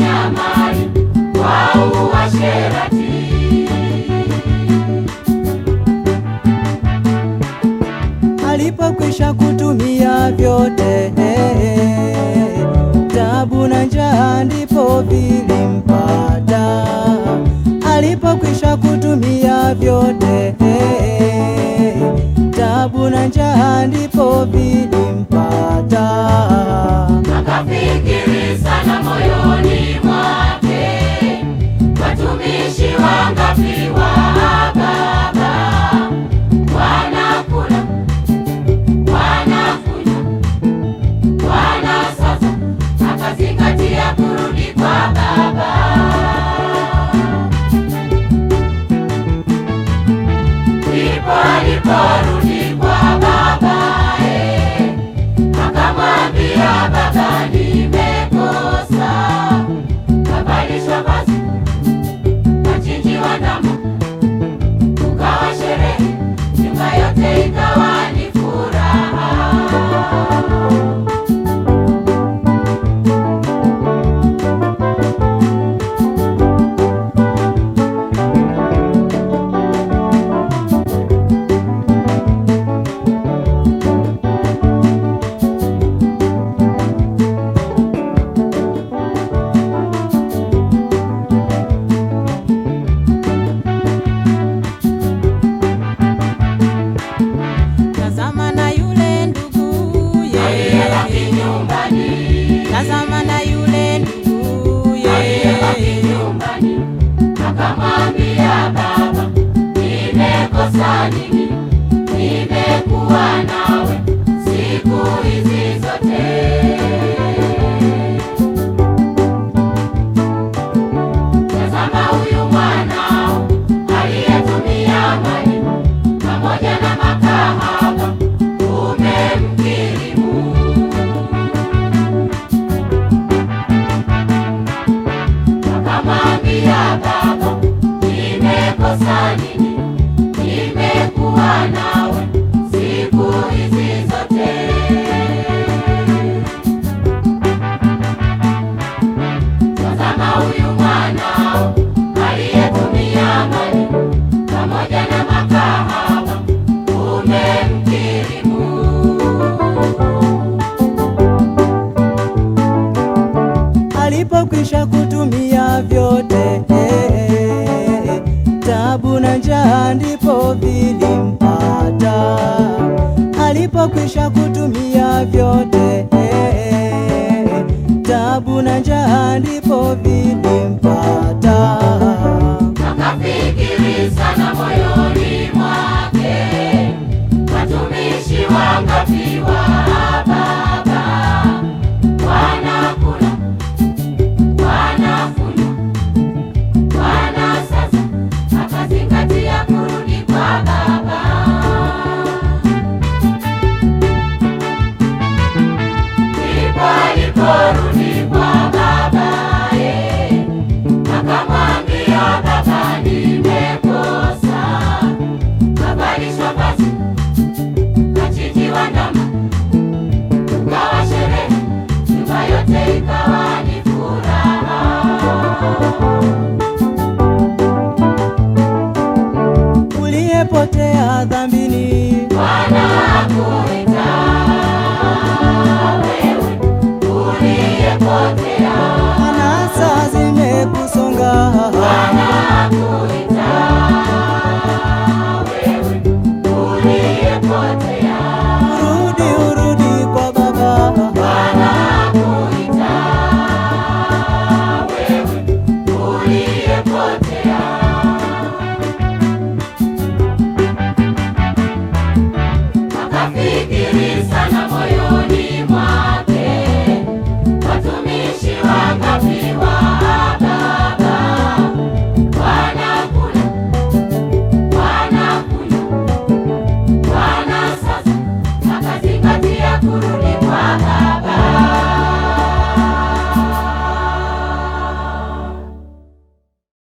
unyamari kwa uasherati. Alipokwisha kutumia vyote, tabu na njaa ndipo waliporudi kwa babae, akamwambia baba, nimekosa, babalishwa Tanzania. taabu na njaa ndipo vilimpata, alipokwisha kutumia vyote. Taabu eh, eh, eh. na njaa ndipo vilimpata sua base. Minister.